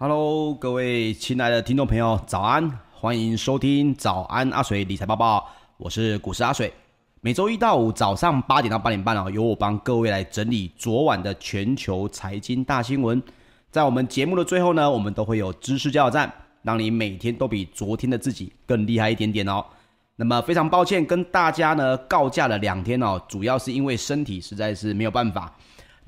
Hello，各位親愛的聽眾朋友，早安！歡迎收聽《早安阿水理財報報》，我是股市阿水。每周一到五早上八點到八點半哦，由我幫各位來整理昨晚的全球財經大新聞。在我們節目的最後呢，我們都會有知識加油站，讓你每天都比昨天的自己更厲害一點點哦。那麼非常抱歉跟大家呢告假了兩天哦，主要是因為身體實在是沒有辦法。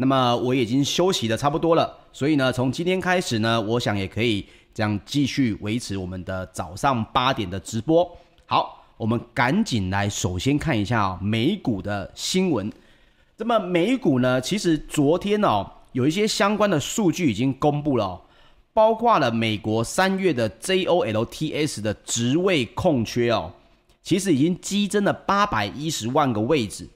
那麼我已經休息的差不多了，所以呢，從今天開始呢，我想也可以這樣繼續維持我們的早上八點的直播。好，我們趕緊來首先看一下、哦、美股的新聞。那麼美股呢，其實昨天哦，有一些相關的數據已經公布了、哦，包括了美國三月的 JOLTS 的職位空缺哦，其實已經激增了八百一十萬個位置，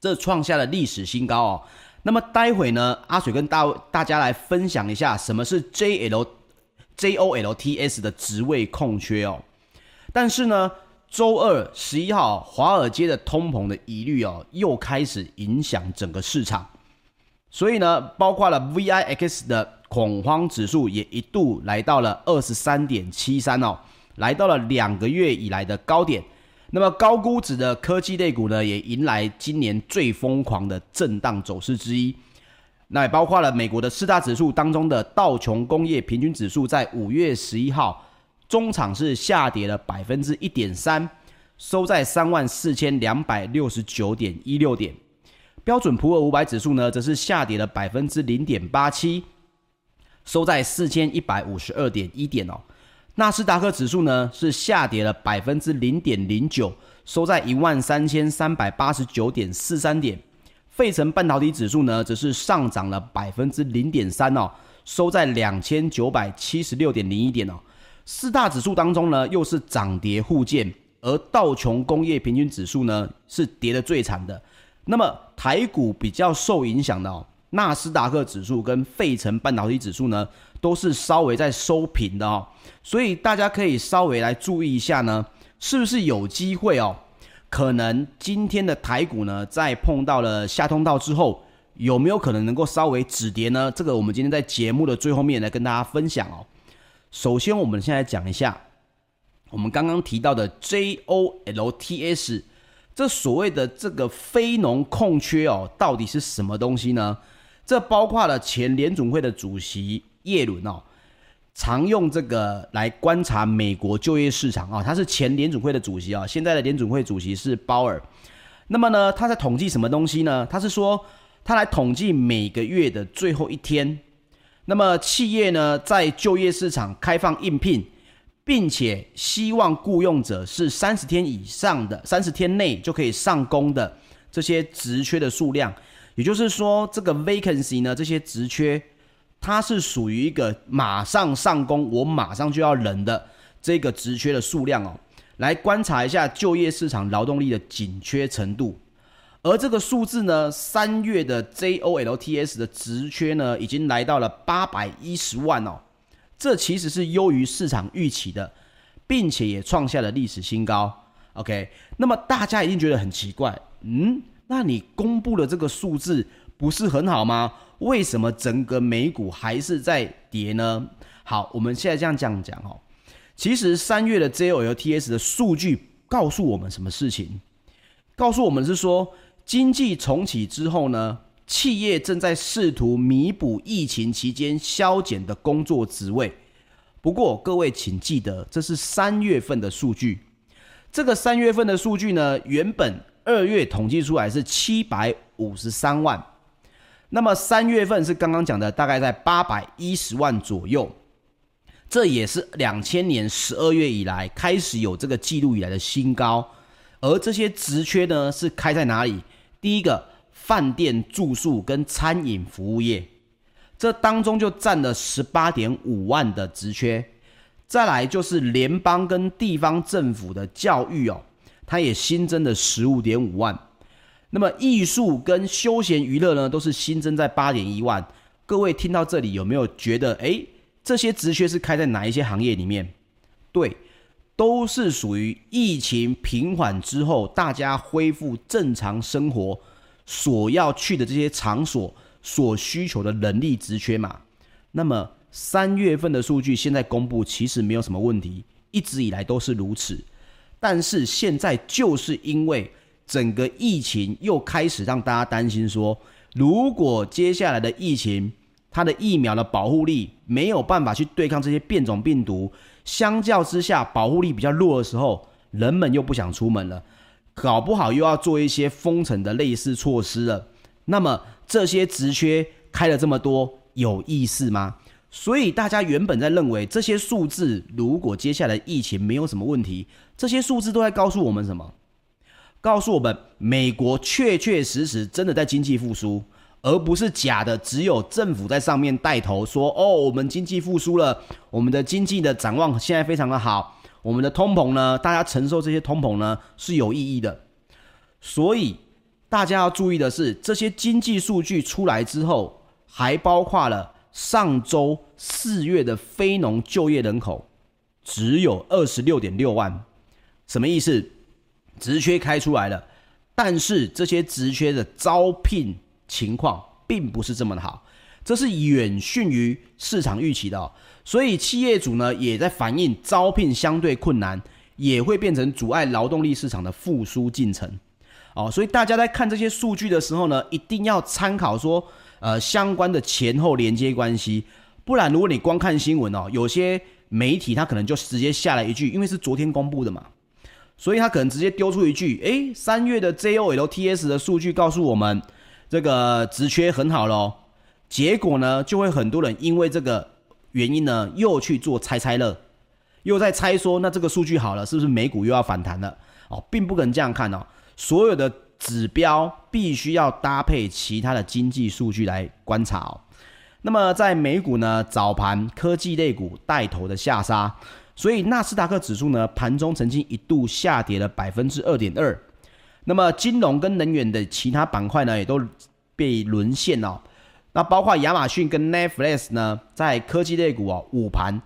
這創下了歷史新高哦。那麼待會呢，阿水跟大大家來分享一下什麼是 JL JOLTS 的職位空缺哦。但是呢，週二，十一號，華爾街的通膨的疑慮哦，又開始影響整個市場。所以呢，包括了 VIX 的恐慌指數也一度來到了二十三點七三哦，來到了兩個月以來的高點。那麼高估值的科技類股呢，也迎來今年最瘋狂的震盪走勢之一。那也包括了美國的四大指數當中的道瓊工業平均指數，在五月十一號，中場是下跌了百分之一點三，收在三萬四千兩百六十九點一六點。標準普爾五百指數呢，則是下跌了百分之零點八七，收在四千一百五十二點一點哦。納斯達克指數呢，是下跌了百分之零點零九，收在一萬三千三百八十九點四三點。費城半導體指數呢，則是上漲了百分之零點三哦，收在兩千九百七十六點零一點哦。四大指數當中呢，又是漲跌互見，而道瓊工業平均指數呢，是跌得最慘的。那麼台股比較受影響的哦，納斯達克指數跟費城半導體指數呢，都是稍微在收平的哦。所以大家可以稍微來注意一下呢，是不是有機會哦？可能今天的台股呢，在碰到了下通道之後，有沒有可能能夠稍微止跌呢？這個我們今天在節目的最後面來跟大家分享哦。首先，我們先來講一下我們剛剛提到的 J O L T S，這所謂的這個非農空缺哦，到底是什麼東西呢？這包括了前聯總會的主席葉倫哦。常用這個來觀察美國就業市場啊，他是前聯準會的主席啊，現在的聯準會主席是鮑爾。那麼呢，他在統計什麼東西呢？他是說，他來統計每個月的最後一天，那麼企業呢，在就業市場開放應聘，並且希望僱用者是三十天以上的，三十天內就可以上工的這些職缺的數量。也就是說，這個 vacancy 呢，這些職缺。它是屬於一個馬上上工，我馬上就要人的這個職缺的數量哦，來觀察一下就業市場勞動力的緊缺程度。而這個數字呢，三月的 JOLTS 的職缺呢，已經來到了八百一十萬哦，這其實是優於市場預期的，並且也創下了歷史新高。OK，那麼大家一定覺得很奇怪，嗯，那你公布的這個數字不是很好嗎？為什麼整個美股還是在跌呢？好，我們現在這樣這樣講哦。其實三月的 JOLTS 的數據告訴我們什麼事情？告訴我們是說，經濟重啟之後呢，企業正在試圖彌補疫情期間削減的工作職位。不過，各位請記得，這是三月份的數據。這個三月份的數據呢，原本二月統計出來是七百五十三萬。那麼三月份是剛剛講的，大概在八百一十萬左右，這也是兩千年十二月以來開始有這個記錄以來的新高。而這些職缺呢，是開在哪裡？第一個，飯店住宿跟餐飲服務業，這當中就占了十八點五萬的職缺。再來就是聯邦跟地方政府的教育哦，它也新增了十五點五萬。那麼藝術跟休閒娛樂呢，都是新增在八點一萬。各位聽到這裡有沒有覺得，哎、欸，這些職缺是開在哪一些行業裡面？對，都是屬於疫情平緩之後，大家恢復正常生活所要去的這些場所所需求的人力職缺嘛。那麼三月份的數據現在公布，其實沒有什麼問題，一直以來都是如此。但是現在就是因為。整個疫情又開始讓大家擔心，說如果接下來的疫情，它的疫苗的保護力沒有辦法去對抗這些變種病毒，相較之下保護力比較弱的時候，人們又不想出門了，搞不好又要做一些封城的類似措施了。那麼這些職缺開了這麼多，有意思嗎？所以大家原本在認為這些數字，如果接下來的疫情沒有什麼問題，這些數字都在告訴我們什麼？告訴我們，美國確確實實真的在經濟復甦，而不是假的。只有政府在上面帶頭說：“哦，我們經濟復甦了，我們的經濟的展望現在非常的好，我們的通膨呢，大家承受這些通膨呢是有意義的。”所以大家要注意的是，這些經濟數據出來之後，還包括了上周四月的非農就業人口只有二十六點六萬，什麼意思？職缺開出來了，但是這些職缺的招聘情況並不是這麼好，這是遠遜於市場預期的。哦，所以企業主呢也在反映招聘相對困難，也會變成阻礙勞動力市場的復甦進程。哦，所以大家在看這些數據的時候呢，一定要參考說，呃，相關的前後連接關係，不然如果你光看新聞哦，有些媒體他可能就直接下了一句，因為是昨天公布的嘛。所以，他可能直接丟出一句：“哎，三月的 JOLTS 的數據告訴我們，這個職缺很好嘍、哦。”結果呢，就會很多人因為這個原因呢，又去做猜猜樂，又在猜說，那這個數據好了，是不是美股又要反彈了？哦，並不可能這樣看哦。所有的指標必須要搭配其他的經濟數據來觀察哦。那麼，在美股呢，早盤科技類股帶頭的下殺。所以納斯達克指數呢，盤中曾經一度下跌了百分之二點二，那麼金融跟能源的其他板塊呢，也都被淪陷哦。那包括亞馬遜跟 Netflix 呢，在科技類股啊、哦，午盤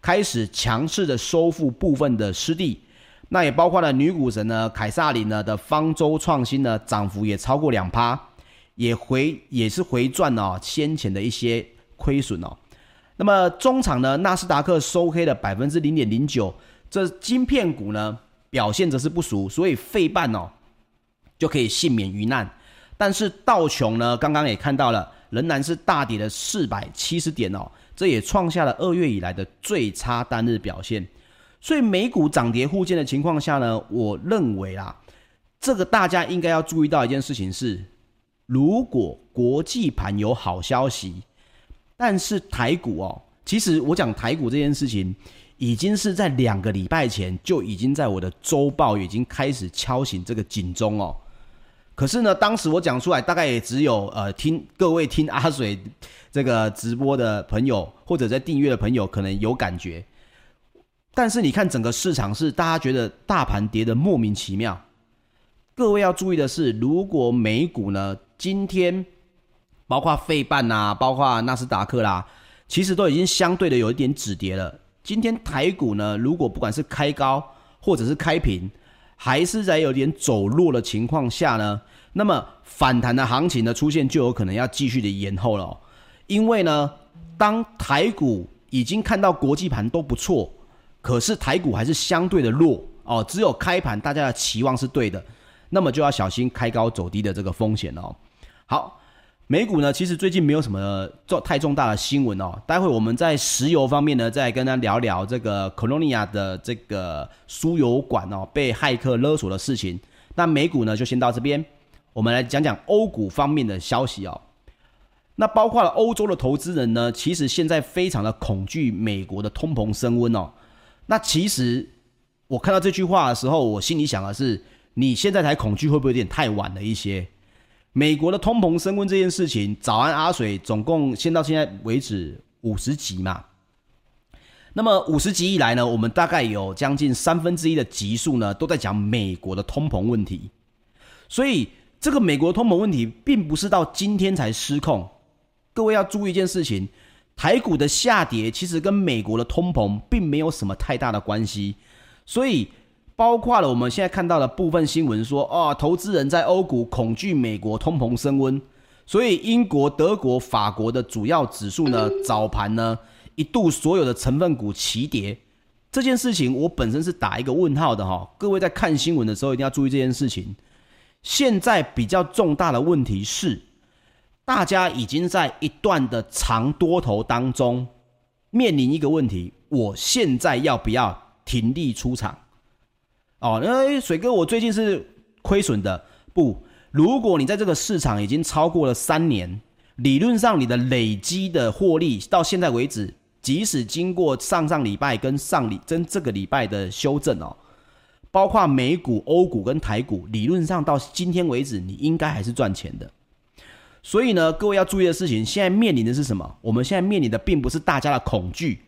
開始強勢的收復部分的失地。那也包括了女股神呢，凱薩琳呢的方舟創新呢，漲幅也超過兩趴，也回也是回賺了、哦、先前的一些虧損哦。那麼，中場呢，納斯達克收黑了百分之零點零九，這晶片股呢，表現則是不俗，所以費半哦，就可以幸免於難。但是道瓊呢，剛剛也看到了，仍然是大跌了四百七十點哦，這也創下了二月以來的最差單日表現。所以美股漲跌互見的情況下呢，我認為啊，這個大家應該要注意到一件事情是，如果國際盤有好消息。但是台股哦，其實我講台股這件事情，已經是在兩個禮拜前就已經在我的週報已經開始敲醒這個警鐘哦。可是呢，當時我講出來，大概也只有呃聽各位聽阿水這個直播的朋友，或者在訂閱的朋友可能有感覺。但是你看整個市場是大家覺得大盤跌的莫名其妙。各位要注意的是，如果美股呢，今天。包括費半吶啊，包括納斯達克啦，其實都已經相對的有一點止跌了。今天台股呢，如果不管是開高或者是開平，還是在有點走弱的情況下呢，那麼反彈的行情的出現就有可能要繼續的延後了哦。因為呢，當台股已經看到國際盤都不錯，可是台股還是相對的弱哦，只有開盤大家的期望是對的，那麼就要小心開高走低的這個風險哦。好。美股呢，其實最近沒有什麼重太重大的新聞哦。待會我們在石油方面呢，再跟他聊聊這個科羅尼亞的這個輸油管哦，被駭客勒索的事情。那美股呢，就先到這邊，我們來講講歐股方面的消息哦。那包括了歐洲的投資人呢，其實現在非常的恐懼美國的通膨升溫哦。那其實我看到這句話的時候，我心裡想的是，你現在才恐懼會不會有點太晚了一些？美國的通膨升溫這件事情，早安阿水總共先到現在為止五十集嘛。那麼五十集以來呢，我們大概有將近三分之一的集數呢都在講美國的通膨問題。所以這個美國的通膨問題並不是到今天才失控。各位要注意一件事情，台股的下跌其實跟美國的通膨並沒有什麼太大的關係，所以。包括了我們現在看到的部分新聞說，說、哦、啊，投資人在歐股恐懼美國通膨升溫，所以英國、德國、法國的主要指數呢，早盤呢一度所有的成分股齊跌。這件事情我本身是打一個問號的哈、哦，各位在看新聞的時候一定要注意這件事情。現在比較重大的問題是，大家已經在一段的長多頭當中面臨一個問題，我現在要不要停利出場？哦，因為水哥，我最近是虧損的。不，如果你在這個市場已經超過了三年，理論上你的累積的獲利到現在為止，即使經過上上禮拜跟上禮跟這個禮拜的修正哦，包括美股、歐股跟台股，理論上到今天為止，你應該還是賺錢的。所以呢，各位要注意的事情，現在面臨的是什麼？我們現在面臨的並不是大家的恐懼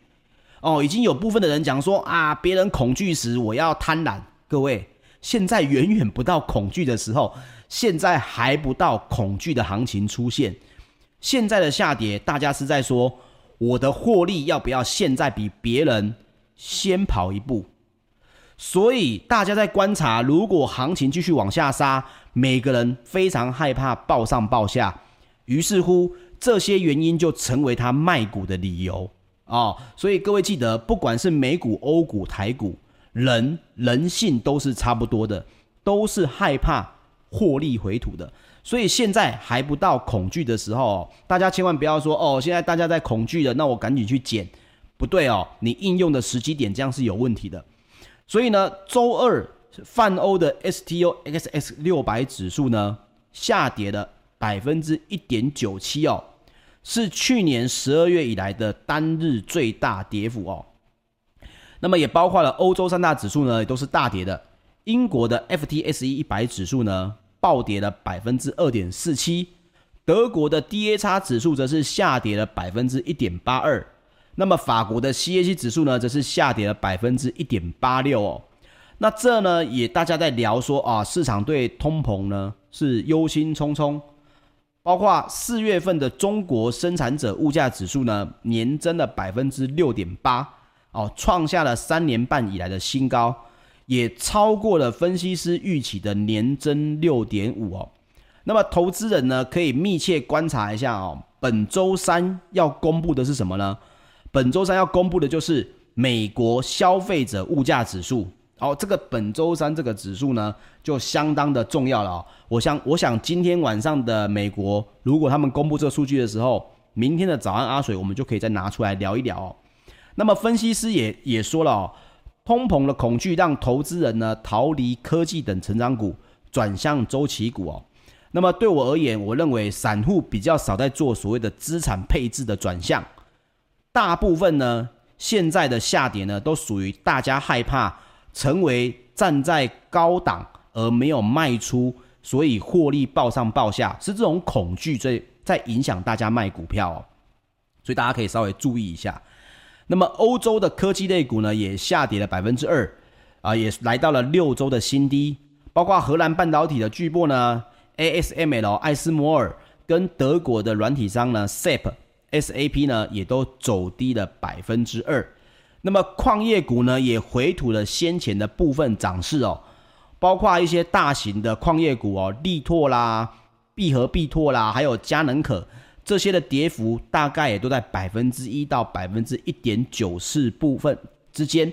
哦，已經有部分的人講說啊，別人恐懼時，我要貪婪。各位，現在遠遠不到恐懼的時候，現在還不到恐懼的行情出現。現在的下跌，大家是在說我的獲利要不要現在比別人先跑一步？所以大家在觀察，如果行情繼續往下殺，每個人非常害怕暴上暴下，於是乎這些原因就成為他賣股的理由哦，所以各位記得，不管是美股、歐股、台股。人人性都是差不多的，都是害怕獲利回吐的，所以現在還不到恐懼的時候哦。大家千萬不要說哦，現在大家在恐懼的，那我趕緊去減，不對哦，你應用的時機點這樣是有問題的。所以呢，週二泛歐的 STOXX 六百指數呢下跌了百分之一點九七哦，是去年十二月以來的單日最大跌幅哦。那麼也包括了歐洲三大指數呢，也都是大跌的。英國的 FTSE 一百指數呢暴跌了百分之二點四七，德國的 DAX 指數則是下跌了百分之一點八二。那麼法國的 CAC 指數呢則是下跌了百分之一點八六。哦，那這呢也大家在聊說啊，市場對通膨呢是憂心忡忡。包括四月份的中國生產者物價指數呢年增了百分之六點八。哦，創下了三年半以來的新高，也超過了分析師預期的年增六點五哦。那麼，投資人呢，可以密切觀察一下哦。本週三要公布的是什麼呢？本週三要公布的就是美國消費者物價指數。哦，這個本週三這個指數呢就相當的重要了哦。我想，我想今天晚上的美國如果他們公布這個數據的時候，明天的早安阿水我們就可以再拿出來聊一聊哦。那麼分析師也也說了哦，通膨的恐懼讓投資人呢逃離科技等成長股，轉向周期股哦。那麼對我而言，我認為散戶比較少在做所謂的資產配置的轉向，大部分呢現在的下跌呢都屬於大家害怕成為站在高檔，而沒有賣出，所以獲利暴上暴下是這種恐懼在在影響大家賣股票哦，所以大家可以稍微注意一下。那麼歐洲的科技類股呢，也下跌了百分之二，啊，也來到了六周的新低。包括荷蘭半導體的巨擘呢，ASML 艾斯摩爾跟德國的軟體商呢，SAP SAP 呢，也都走低了百分之二。那麼礦業股呢，也回吐了先前的部分漲勢哦，包括一些大型的礦業股哦，力拓啦、必和必拓啦，還有嘉能可。這些的跌幅大概也都在百分之一到百分之一點九四部分之間，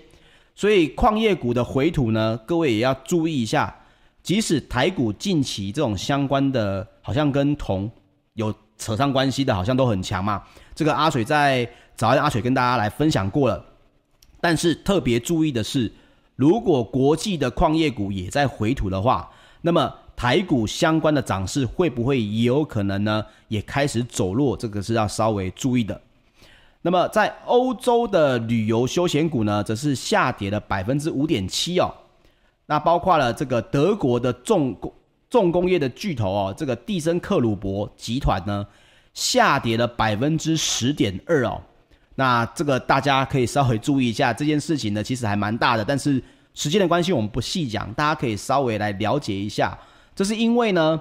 所以礦業股的回吐呢，各位也要注意一下。即使台股近期這種相關的，好像跟銅有扯上關係的，好像都很強嘛。這個阿水在早安阿水跟大家來分享過了，但是特別注意的是，如果國際的礦業股也在回吐的話，那麼。台股相關的漲勢會不會也有可能呢？也開始走弱，這個是要稍微注意的。那麼，在歐洲的旅遊休閒股呢，則是下跌了百分之五點七哦。那包括了這個德國的重工重工業的巨頭哦，這個蒂森克虜伯集團呢，下跌了百分之十點二哦。那這個大家可以稍微注意一下，這件事情呢，其實還蠻大的，但是時間的關係，我們不細講，大家可以稍微來了解一下。這是因為呢，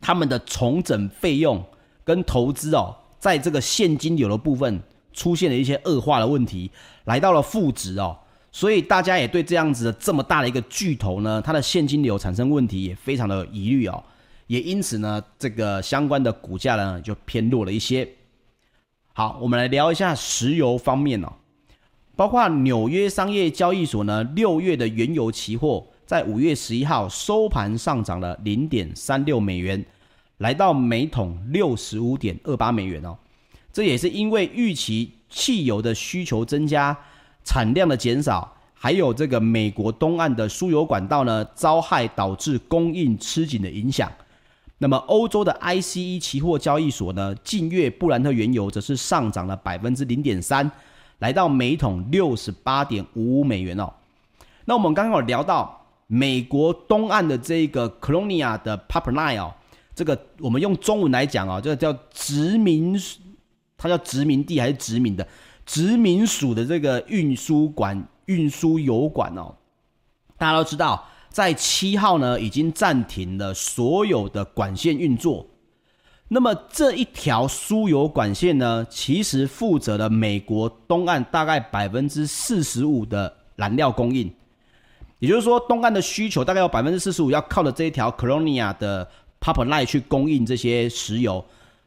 他們的重整費用跟投資哦，在這個現金流的部分出現了一些惡化的問題，來到了負值哦，所以大家也對這樣子的這麼大的一個巨頭呢，它的現金流產生問題也非常的疑慮哦，也因此呢，這個相關的股價呢就偏弱了一些。好，我們來聊一下石油方面哦，包括紐約商業交易所呢，六月的原油期貨。在五月十一號收盤上漲了零點三六美元，來到每桶六十五點二八美元哦。這也是因為預期汽油的需求增加、產量的減少，還有這個美國東岸的輸油管道呢遭駭，導致供應吃緊的影響。那麼，歐洲的 ICE 期貨交易所呢，近月布蘭特原油則是上漲了百分之零點三，來到每桶六十八點五五美元哦。那我們剛剛有聊到，美國東岸的這個 Colonia 的 Pipeline，哦，這個我們用中文來講哦，這個叫殖民，它叫殖民地還是殖民的殖民署的這個運輸管、運輸油管哦。大家都知道，在七號呢已經暫停了所有的管線運作。那麼這一條輸油管線呢，其實負責了美國東岸大概百分之四十五的燃料供應。也就是說，東岸的需求大概有百分之四十五要靠著這一條 Colonial 的 Pipeline 去供應這些石油，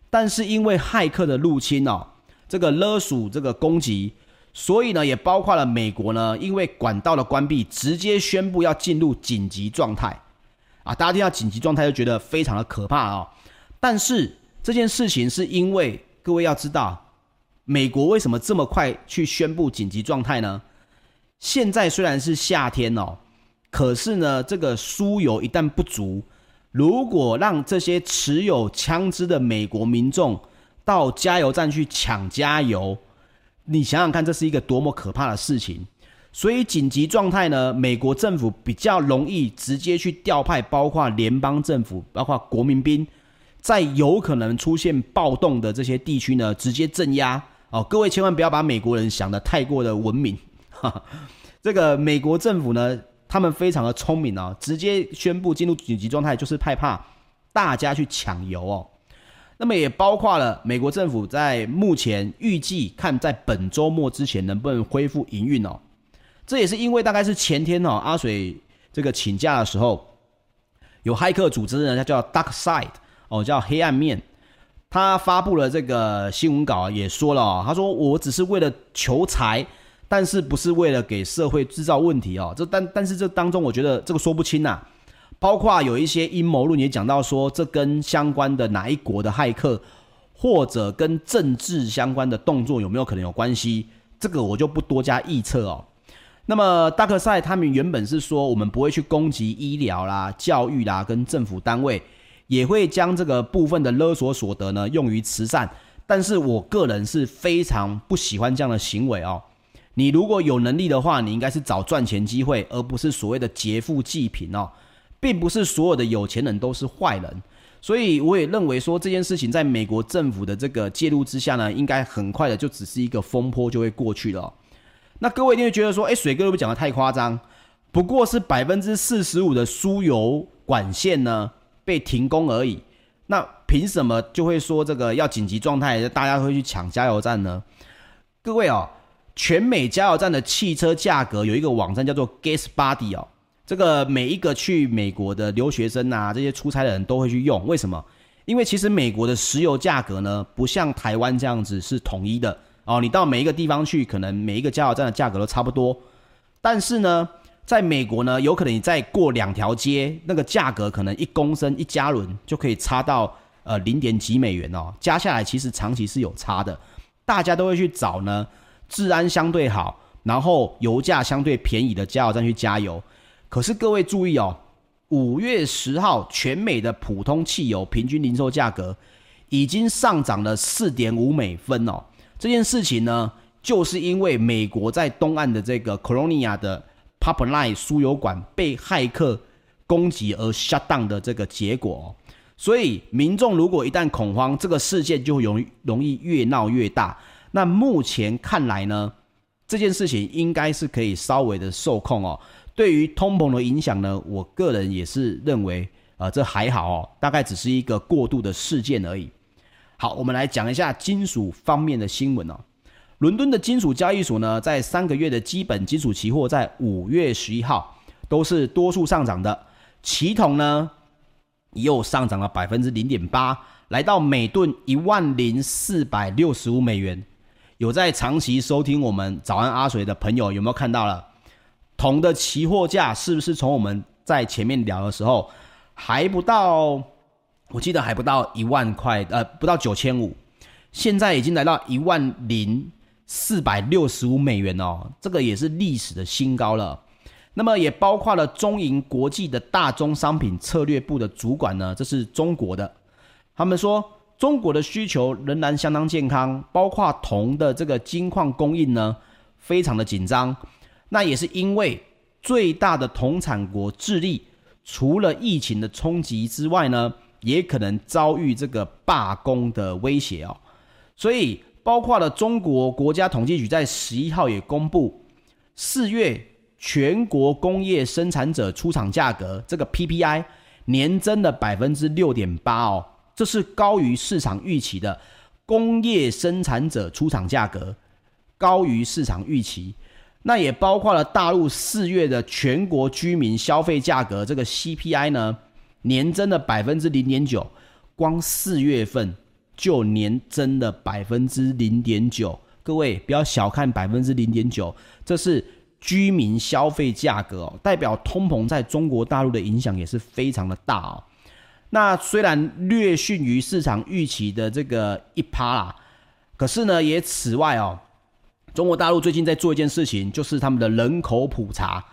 但是因為駭客的入侵哦，這個勒索、這個攻擊，所以呢，也包括了美國呢，因為管道的關閉，直接宣布要進入緊急狀態。啊，大家聽到緊急狀態就覺得非常的可怕啊、哦，但是這件事情是因為各位要知道，美國為什麼這麼快去宣布緊急狀態呢？現在雖然是夏天哦。可是呢，這個輸油一旦不足，如果讓這些持有槍支的美國民眾到加油站去搶加油，你想想看，這是一個多麼可怕的事情！所以緊急狀態呢，美國政府比較容易直接去調派，包括聯邦政府、包括國民兵，在有可能出現暴動的這些地區呢，直接鎮壓。哦，各位千萬不要把美國人想得太過的文明。哈哈，這個美國政府呢。他們非常的聰明哦，直接宣布進入緊急狀態，就是害怕大家去搶油哦。那麼也包括了美國政府在目前預計看在本周末之前能不能恢復營運哦。這也是因為大概是前天哦，阿水這個請假的時候，有駭客組織的人他叫 Dark Side 哦，叫黑暗面，他發布了這個新聞稿也說了，哦，他說我只是為了求財。但是不是為了給社會製造問題哦，這但但是這當中，我覺得這個說不清吶、啊。包括有一些陰謀論也講到說，這跟相關的哪一國的駭客，或者跟政治相關的動作有沒有可能有關係？這個我就不多加臆測哦。那麼，大克賽他們原本是說，我們不會去攻擊醫療啦、教育啦跟政府單位，也會將這個部分的勒索所得呢用於慈善。但是我個人是非常不喜歡這樣的行為哦。你如果有能力的話，你應該是找賺錢機會，而不是所謂的劫富濟貧哦，並不是所有的有錢人都是壞人，所以我也認為說這件事情在美國政府的這個介入之下呢，應該很快的就只是一個風波就會過去了。那各位一定會覺得說，誒，水哥都不講得太誇張，不過是百分之四十五的輸油管線呢被停工而已，那憑什麼就會說這個要緊急狀態，大家會去搶加油站呢？各位哦。全美加油站的汽車價格有一個網站叫做 GasBuddy 哦，這個每一個去美國的留學生吶、啊，這些出差的人都會去用。為什麼？因為其實美國的石油價格呢，不像台灣這樣子是統一的哦。你到每一個地方去，可能每一個加油站的價格都差不多。但是呢，在美國呢，有可能你再過兩條街，那個價格可能一公升一加侖就可以差到呃零點幾美元哦。加下來其實長期是有差的，大家都會去找呢。治安相對好，然後油價相對便宜的加油站去加油。可是各位注意哦，五月十號全美的普通汽油平均零售價格已經上漲了四點五美分哦。這件事情呢，就是因為美國在東岸的這個科羅尼亞的 Pipeline 輸油管被駭客攻擊而 shut down 的這個結果哦。所以民眾如果一旦恐慌，這個事件就容易容易越鬧越大。那目前看來呢，這件事情應該是可以稍微的受控哦。對於通膨的影響呢，我個人也是認為，呃，這還好哦，大概只是一個過渡的事件而已。好，我們來講一下金屬方面的新聞哦。倫敦的金屬交易所呢，在三個月的基本金屬期貨在五月十一號都是多數上漲的，期銅呢又上漲了百分之零點八，來到每噸一萬零四百六十五美元。有在長期收聽我們早安阿水的朋友，有沒有看到了銅的期貨價？是不是從我們在前面聊的時候，還不到？我記得還不到一萬塊，呃，不到九千五，現在已經來到一萬零四百六十五美元哦，這個也是歷史的新高了。那麼也包括了中銀國際的大宗商品策略部的主管呢，這是中國的，他們說。中國的需求仍然相當健康，包括銅的這個金礦供應呢，非常的緊張。那也是因為最大的銅產國智利，除了疫情的衝擊之外呢，也可能遭遇這個罷工的威脅哦。所以，包括了中國國家統計局在十一號也公布，四月全國工業生產者出廠價格這個 PPI 年增了百分之六點八哦。這是高於市場預期的工業生產者出廠價格，高於市場預期，那也包括了大陸四月的全國居民消費價格，這個 CPI 呢年增的百分之零點九，光四月份就年增了百分之零點九。各位不要小看百分之零點九，這是居民消費價格哦，代表通膨在中國大陸的影響也是非常的大哦。那雖然略遜於市場預期的這個一趴啦，可是呢，也此外哦，中國大陸最近在做一件事情，就是他們的人口普查。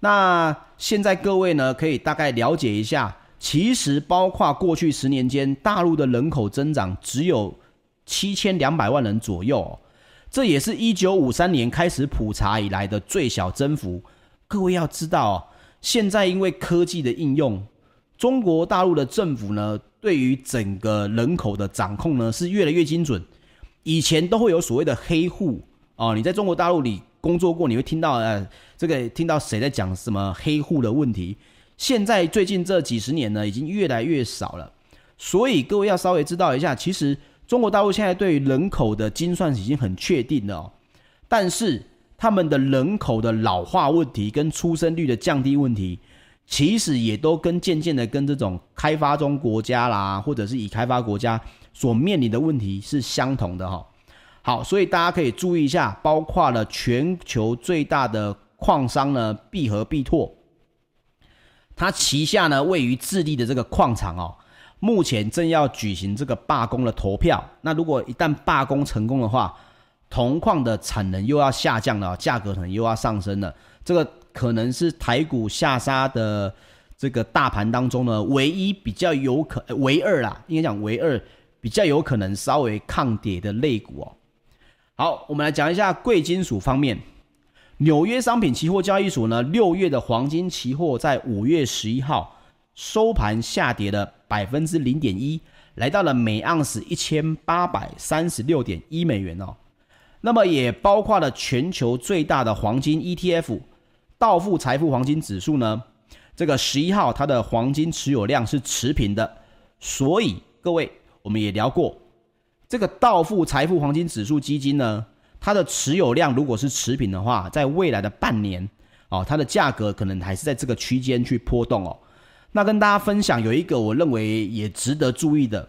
那現在各位呢，可以大概了解一下，其實包括過去十年間，大陸的人口增長只有七千兩百萬人左右，這也是一九五三年開始普查以來的最小增幅。各位要知道哦，現在因為科技的應用。中國大陸的政府呢，對於整個人口的掌控呢，是越來越精準。以前都會有所謂的黑戶啊、哦，你在中國大陸裡工作過，你會聽到呃，這個聽到誰在講什麼黑戶的問題。現在最近這幾十年呢，已經越來越少了。所以各位要稍微知道一下，其實中國大陸現在對於人口的精算已經很確定的哦。但是他們的人口的老化問題跟出生率的降低問題。其實也都跟漸漸的跟這種開發中國家啦，或者是已開發國家所面臨的問題是相同的哈、哦。好，所以大家可以注意一下，包括了全球最大的礦商呢，必和必拓，它旗下呢位於智利的這個礦場哦，目前正要舉行這個罷工的投票。那如果一旦罷工成功的話，銅礦的產能又要下降了，價格可能又要上升了。這個，可能是台股下殺的這個大盤當中呢，唯一比較有可，呃，唯二啦，應該講唯二比較有可能稍微抗跌的類股哦。好，我們來講一下貴金屬方面，紐約商品期貨交易所呢，六月的黃金期貨在五月十一號收盤下跌了百分之零點一，來到了每盎司一千八百三十六點一美元哦。那麼也包括了全球最大的黃金 ETF。道富財富黃金指數呢，這個十一號它的黃金持有量是持平的，所以各位我們也聊過，這個道富財富黃金指數基金呢，它的持有量如果是持平的話，在未來的半年哦，它的價格可能還是在這個區間去波動哦。那跟大家分享有一個我認為也值得注意的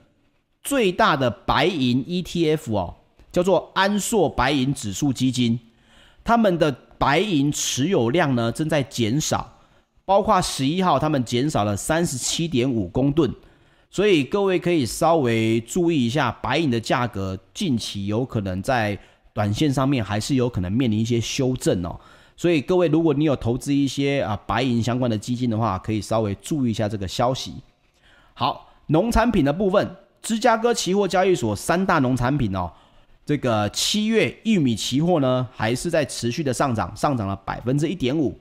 最大的白銀 ETF 哦，叫做安碩白銀指數基金，他們的。白銀持有量呢，正在減少，包括十一號他們減少了三十七點五公噸，所以各位可以稍微注意一下白銀的價格，近期有可能在短線上面還是有可能面臨一些修正哦。所以各位如果你有投資一些啊白銀相關的基金的話，可以稍微注意一下這個消息。好，農產品的部分，芝加哥期貨交易所三大農產品哦。這個七月玉米期貨呢，還是在持續的上漲，上漲了百分之一點五；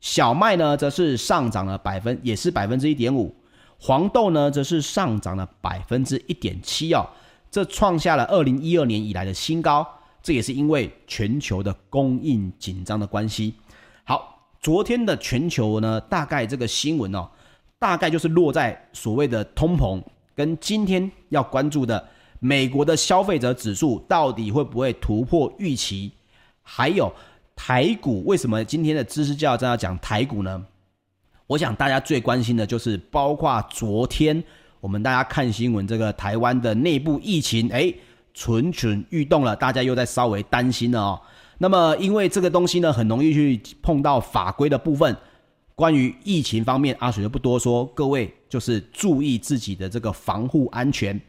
小麥呢，則是上漲了百分，也是百分之一點五；黃豆呢，則是上漲了百分之一點七哦，這創下了二零一二年以來的新高。這也是因為全球的供應緊張的關係。好，昨天的全球呢，大概這個新聞哦，大概就是落在所謂的通膨，跟今天要關注的。美國的消費者指數到底會不會突破預期？還有台股為什麼今天的知識加油站要講台股呢？我想大家最關心的就是，包括昨天我們大家看新聞，這個台灣的內部疫情，誒蠢蠢欲動了，大家又在稍微擔心了哦。那麼，因為這個東西呢，很容易去碰到法規的部分。關於疫情方面，阿、啊、水就不多說，各位就是注意自己的這個防護安全。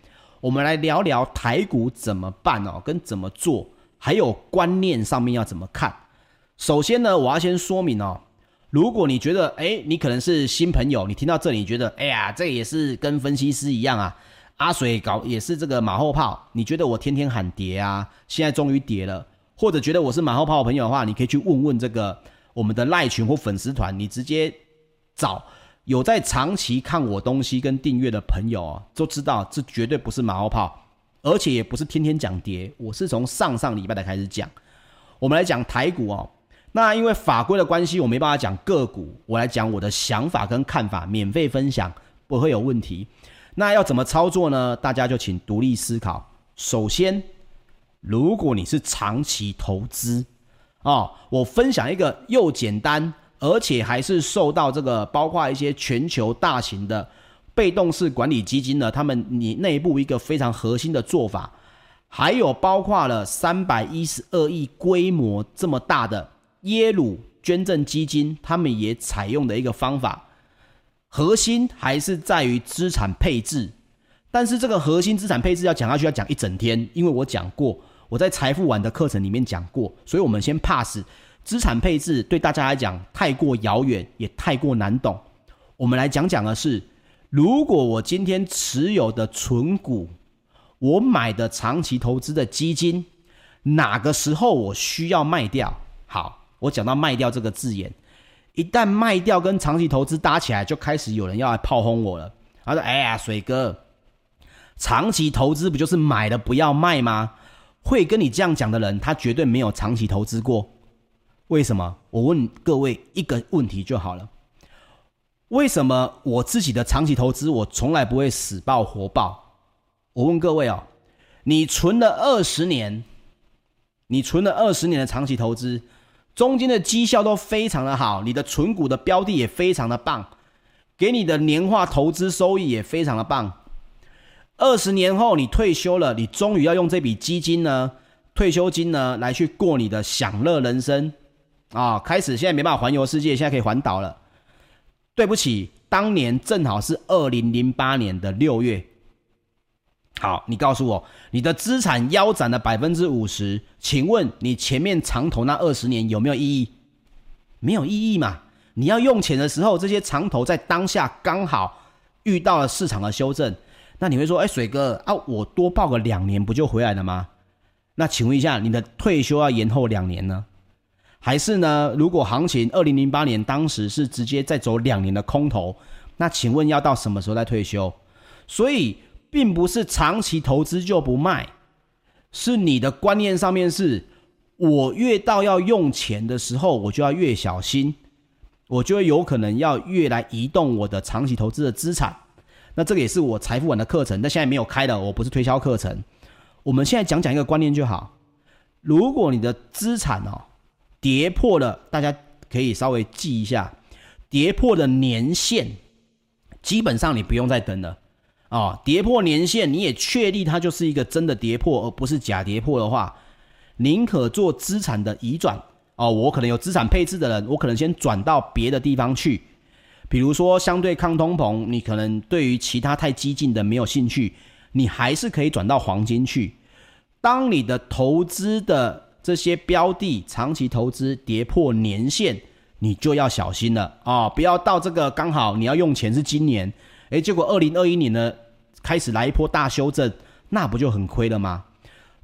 我們來聊聊台股怎麼辦哦，跟怎麼做，還有觀念上面要怎麼看。首先呢，我要先說明哦，如果你覺得誒你可能是新朋友，你聽到這裡覺得哎呀，這也是跟分析師一樣啊，阿水搞也是這個馬後炮，你覺得我天天喊跌啊，現在終於跌了，或者覺得我是馬後炮的朋友的話，你可以去問問這個我們的 LINE 群或粉絲團，你直接找。有在長期看我東西跟訂閱的朋友啊，都知道這絕對不是馬後炮，而且也不是天天講跌。我是從上上禮拜才開始講。我們來講台股哦。那因為法規的關係，我沒辦法講個股，我來講我的想法跟看法，免費分享不會有問題。那要怎麼操作呢？大家就請獨立思考。首先，如果你是長期投資，哦，我分享一個又簡單。而且還是受到這個，包括一些全球大型的被動式管理基金呢，他們你內部一個非常核心的做法，還有包括了三百一十二億規模這麼大的耶魯捐贈基金，他們也採用的一個方法，核心還是在於資產配置。但是這個核心資產配置要講下去要講一整天，因為我講過，我在財富網的課程裡面講過，所以我們先 pass。資產配置對大家來講太過遙遠，也太過難懂。我們來講講的是，如果我今天持有的存股，我買的長期投資的基金，哪個時候我需要賣掉？好，我講到賣掉這個字眼，一旦賣掉跟長期投資搭起來，就開始有人要來炮轟我了。他說：“哎呀，水哥，長期投資不就是買了不要賣嗎？”會跟你這樣講的人，他絕對沒有長期投資過。為什麼？我問各位一個問題就好了。為什麼我自己的長期投資，我從來不會死抱活抱？我問各位哦，你存了二十年，你存了二十年的長期投資，中間的績效都非常的好，你的存股的標的也非常的棒，給你的年化投資收益也非常的棒。二十年後你退休了，你終於要用這筆基金呢，退休金呢，來去過你的享樂人生。啊、哦，開始現在沒辦法環遊世界，現在可以環島了。對不起，當年正好是二零零八年的六月。好，你告訴我，你的資產腰斬了百分之五十，請問你前面長投那二十年有沒有意義？沒有意義嘛。你要用錢的時候，這些長投在當下剛好遇到了市場的修正，那你會說，哎、欸，水哥啊，我多抱個兩年不就回來了嗎？那請問一下，你的退休要延後兩年呢，還是呢？如果行情二零零八年當時是直接再走兩年的空頭，那請問要到什麼時候再退休？所以，並不是長期投資就不賣，是你的觀念上面是：我越到要用錢的時候，我就要越小心，我就會有可能要越來移動我的長期投資的資產。那這個也是我財富玩的課程，但現在沒有開的，我不是推銷課程。我們現在講講一個觀念就好。如果你的資產哦。跌破了，大家可以稍微記一下，跌破的年線，基本上你不用再等了，啊、哦，跌破年線你也確立它就是一個真的跌破，而不是假跌破的話，寧可做資產的移轉，哦，我可能有資產配置的人，我可能先轉到別的地方去，比如說相對抗通膨，你可能對於其他太激進的沒有興趣，你還是可以轉到黃金去，當你的投資的。這些標的長期投資，跌破年線你就要小心了。啊、哦！不要到這個剛好你要用錢是今年，哎，結果二零二一年呢開始來一波大修正，那不就很虧了嗎？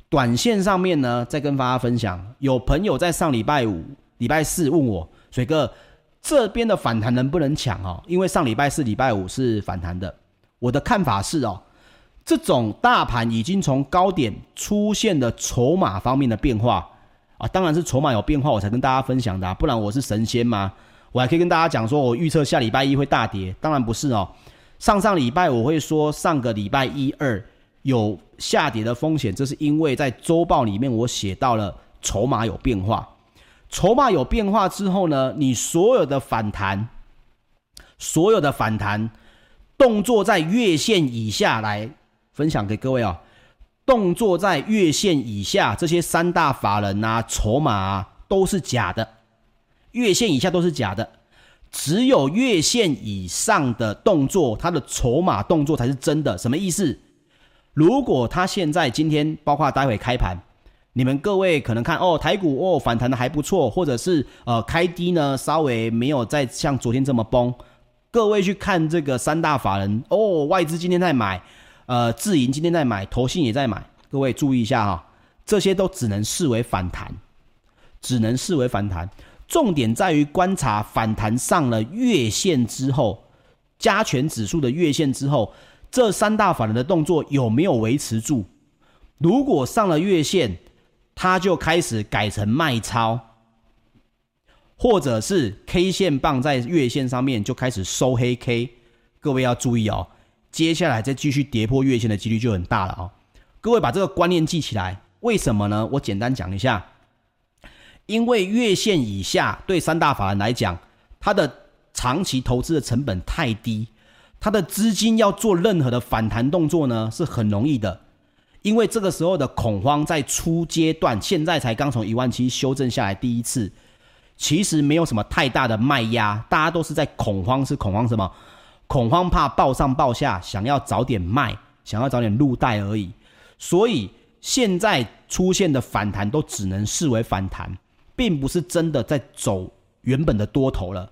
短線上面呢，再跟大家分享，有朋友在上禮拜五、禮拜四問我，水哥這邊的反彈能不能搶啊、哦？因為上禮拜四、禮拜五是反彈的。我的看法是哦，這種大盤已經從高點出現的籌碼方面的變化。啊，當然是籌碼有變化，我才跟大家分享的啊，不然我是神仙嗎？我還可以跟大家講說，我預測下禮拜一會大跌，當然不是哦。上上禮拜我會說上個禮拜一二有下跌的風險，這是因為在周報裡面我寫到了籌碼有變化，籌碼有變化之後呢，你所有的反彈，所有的反彈動作在月線以下來分享給各位哦。動作在月線以下，這些三大法人啊、籌碼啊都是假的，月線以下都是假的，只有月線以上的動作，它的籌碼動作才是真的。什麼意思？如果他現在今天，包括待會開盤，你們各位可能看哦，台股哦反彈的還不錯，或者是呃開低呢，稍微沒有再像昨天這麼崩。各位去看這個三大法人哦，外資今天在買。呃，自營今天在買，投信也在買，各位注意一下哈、哦，這些都只能視為反彈，只能視為反彈。重點在於觀察反彈上了月線之後，加權指數的月線之後，這三大法人的動作有沒有維持住？如果上了月線，它就開始改成賣超，或者是 K 線棒在月線上面就開始收黑 K，各位要注意哦。接下來再繼續跌破月線的幾率就很大了啊、哦！各位把這個觀念記起來，為什麼呢？我簡單講一下，因為月線以下對三大法人來講，它的長期投資的成本太低，它的資金要做任何的反彈動作呢，是很容易的。因為這個時候的恐慌在初階段，現在才剛從一萬七修正下來第一次，其實沒有什麼太大的賣壓，大家都是在恐慌，是恐慌什麼？恐慌怕爆上爆下，想要早點賣，想要早點入袋而已。所以現在出現的反彈都只能視為反彈，並不是真的在走原本的多頭了。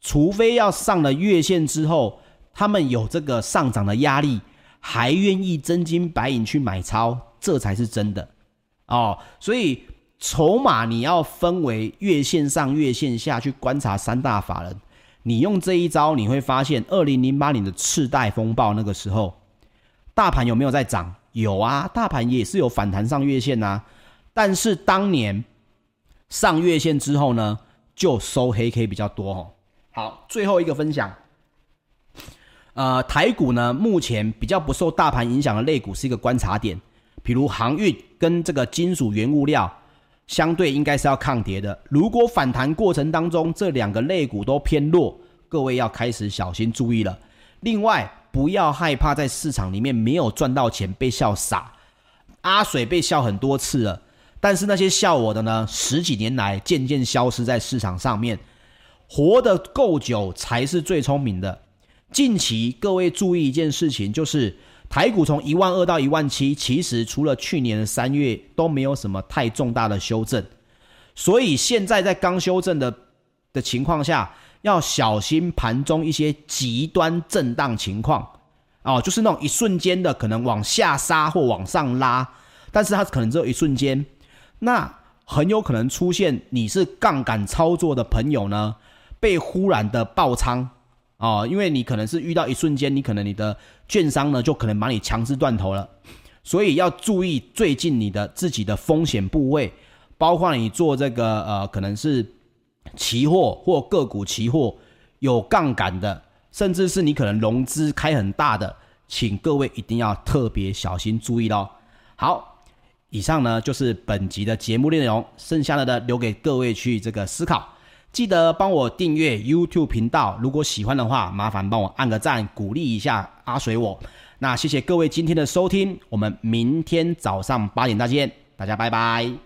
除非要上了月線之後，他們有這個上漲的壓力，還願意真金白銀去買超，這才是真的哦。所以籌碼你要分為月線上、月線下去觀察三大法人。你用這一招，你會發現二零零八年的次貸風暴那個時候，大盤有沒有在漲？有啊，大盤也是有反彈上月線吶、啊。但是當年上月線之後呢，就收黑 K 比較多哦。好，最後一個分享，呃，台股呢目前比較不受大盤影響的類股是一個觀察點，比如航運跟這個金屬原物料。相對應該是要抗跌的。如果反彈過程當中這兩個類股都偏弱，各位要開始小心注意了。另外，不要害怕在市場裡面沒有賺到錢被笑傻。阿水被笑很多次了，但是那些笑我的呢，十幾年來漸漸消失在市場上面。活得夠久才是最聰明的。近期各位注意一件事情就是，台股從一萬二到一萬七，其實除了去年的三月都沒有什麼太重大的修正，所以現在在剛修正的的情況下，要小心盤中一些極端震盪情況哦，就是那種一瞬間的可能往下殺或往上拉，但是它可能只有一瞬間，那很有可能出現你是槓桿操作的朋友呢，被忽然的爆倉哦，因為你可能是遇到一瞬間，你可能你的。券商呢，就可能把你強制斷頭了，所以要注意最近你的自己的風險部位，包括你做這個呃，可能是期貨或個股期貨有槓桿的，甚至是你可能融資開很大的，請各位一定要特別小心注意咯。好，以上呢就是本集的節目內容，剩下的呢留給各位去這個思考。記得幫我訂閱 YouTube 頻道，如果喜歡的話，麻煩幫我按個讚，鼓勵一下阿水我。那謝謝各位今天的收聽，我們明天早上八點再見，大家拜拜。